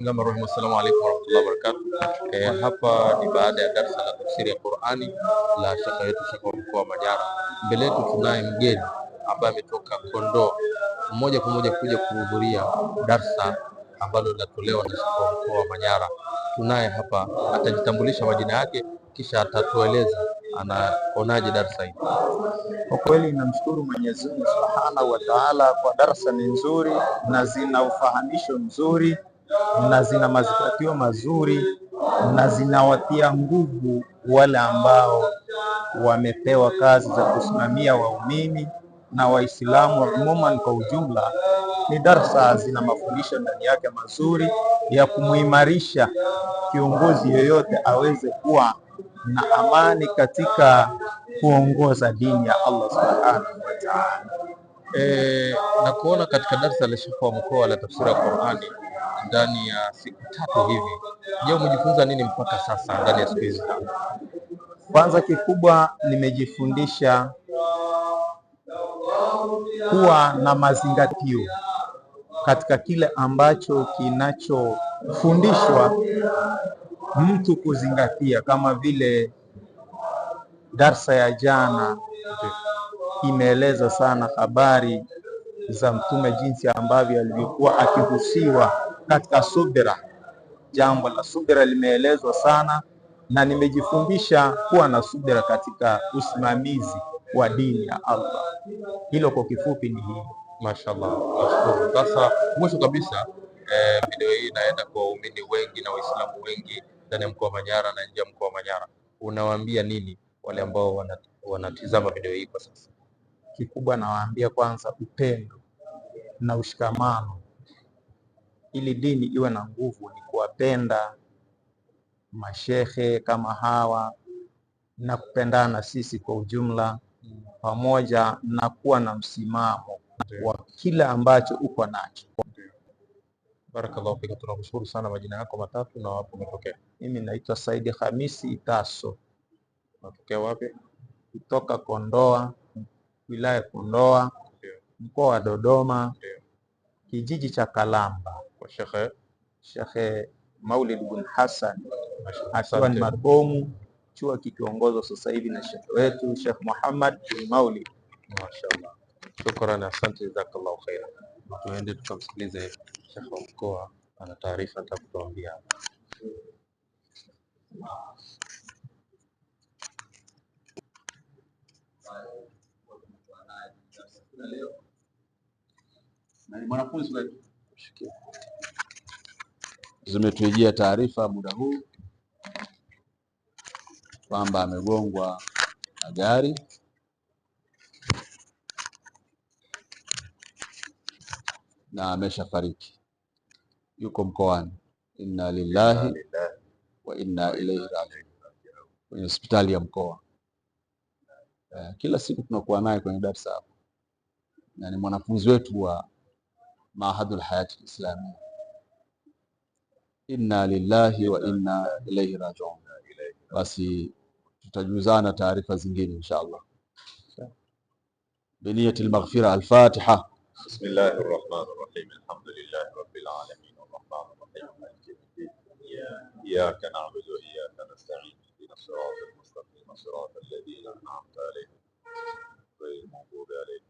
Bismillahirrahmanirrahim. Asalamu alaykum wa barakatuh. Eh, hapa ni baada ya darsa la tafsiri ya Qur'ani la shekhe yetu shekhe wa mkoa wa Manyara. Mbele yetu tunaye mgeni ambaye ametoka Kondoa moja kwa moja kuja kuhudhuria darsa ambalo linatolewa na shekhe wa mkoa wa Manyara. Tunaye hapa, atajitambulisha majina yake kisha atatueleza anaonaje darsa hii. Kwa kweli namshukuru Mwenyezi Mungu Subhanahu wa Ta'ala kwa darsa ni nzuri na zina ufahamisho mzuri na zina mazingatio mazuri na zinawatia nguvu wale ambao wamepewa kazi za kusimamia waumini na Waislamu umuman kwa ujumla. Ni darsa zina mafundisho ndani yake mazuri ya kumuimarisha kiongozi yoyote aweze kuwa na amani katika kuongoza dini ya Allah subhanahu wa ta'ala. E, eh, na kuona katika darsa la shekhi wa mkoa la tafsiri ya Qur'ani ndani ya siku tatu hivi. Je, umejifunza nini mpaka sasa ndani ya siku hizi? Kwanza, kikubwa nimejifundisha kuwa na mazingatio katika kile ambacho kinachofundishwa mtu kuzingatia, kama vile darsa ya jana imeeleza sana habari za Mtume jinsi ambavyo alivyokuwa akihusiwa katika subira. Jambo la subira limeelezwa sana, na nimejifundisha kuwa na subira katika usimamizi wa dini ya Allah. Hilo kwa kifupi ni hii. Mashallah, nashukuru. Sasa mwisho kabisa eh, video hii inaenda kwa waumini wengi na Waislamu wengi ndani ya mkoa wa Manyara na nje ya mkoa wa Manyara, unawaambia nini wale ambao wanatizama video hii kwa sasa? Kikubwa nawaambia kwanza upendo na ushikamano ili dini iwe na nguvu ni kuwapenda mashehe kama hawa na kupendana sisi kwa ujumla, pamoja na kuwa na msimamo wa kila ambacho uko nacho. Barakallahu fika, tunakushukuru sana. Majina yako matatu na wapo umetokea? Mimi naitwa Saidi Hamisi Itaso. Natokea wapi? Kutoka Kondoa, wilaya Kondoa, mkoa wa Dodoma kijiji cha Kalamba kwa Shekhe Shekhe Maulid bin Hassan akiwa ni marhumu, chuo kikiongozwa sasa hivi na shekhe wetu Shekh Muhammad bin Maulid. Mashaallah, shukrani, asante, jazakallahu khaira. Tuende tukamsikilize shekhe wa mkoa, ana taarifa atakutuambia na mwanafunzi wetu. Zimetujia taarifa muda huu kwamba amegongwa na gari na ameshafariki, yuko mkoani. Inna lillahi wa inna ilaihi rajiun, kwenye hospitali ya mkoa. Eh, kila siku tunakuwa naye kwenye darsa hapo, na ni mwanafunzi wetu wa معهد الحياة الإسلامية إنا لله وإنا إليه راجعون بس تجوزانا تعرف زنجين إن شاء الله بنية المغفرة الفاتحة بسم الله الرحمن الرحيم الحمد لله رب العالمين الرحمن الرحيم إياك نعبد وإياك نستعين اهدنا الصراط المستقيم صراط الذين أنعمت عليهم غير المغضوب عليهم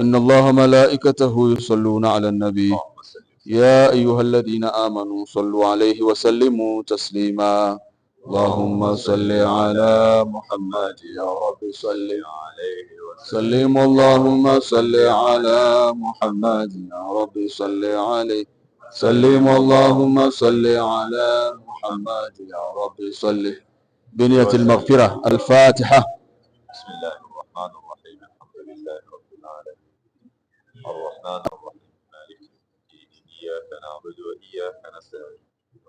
إن الله ملائكته يصلون على النبي يا أيها الذين آمنوا صلوا عليه وسلموا تسليما اللهم صل على محمد يا رب صل عليه وسلم اللهم صل على محمد يا رب صل عليه سلم اللهم صل على محمد يا رب صل بنية المغفرة الفاتحة بسم الله العالمين الرحمن الرحيم مالك يوم الدين إياك نعبد وإياك نستعين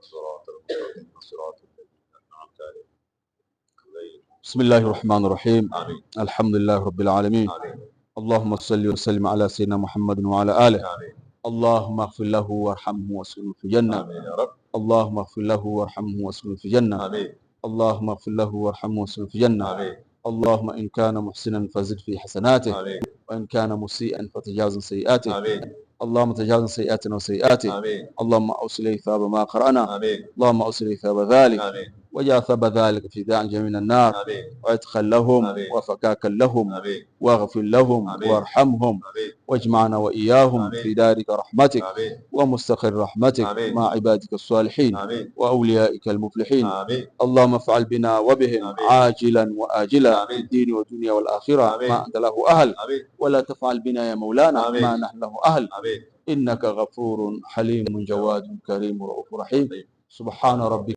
صراط المستقيم صراط الذين أنعمت عليهم بسم الله الرحمن الرحيم آمين. الحمد لله رب العالمين آمين. اللهم صل وسلم على سيدنا محمد وعلى آله آمين. اللهم اغفر له وارحمه واسكنه في الجنة اللهم اغفر له وارحمه واسكنه في الجنة اللهم اغفر له وارحمه واسكنه في الجنة اللهم إن كان محسنا فزد في حسناته وإن كان مسيئا فتجاوز سيئاته اللهم تجاوز سيئاتنا وسيئاته اللهم أوصل ثواب ما قرأنا اللهم أوصل ثواب ذلك وجاثب ذلك في دعجة من النار وادخل لهم وفكاك لهم واغفر لهم وارحمهم واجمعنا وإياهم في دارك رحمتك ومستقر رحمتك مع عبادك الصالحين وأوليائك المفلحين اللهم افعل بنا وبهم عاجلا وآجلا في الدين والدنيا والآخرة ما أنت له أهل ولا تفعل بنا يا مولانا ما نحن له أهل إنك غفور حليم جواد كريم رؤوف رحيم سبحان ربك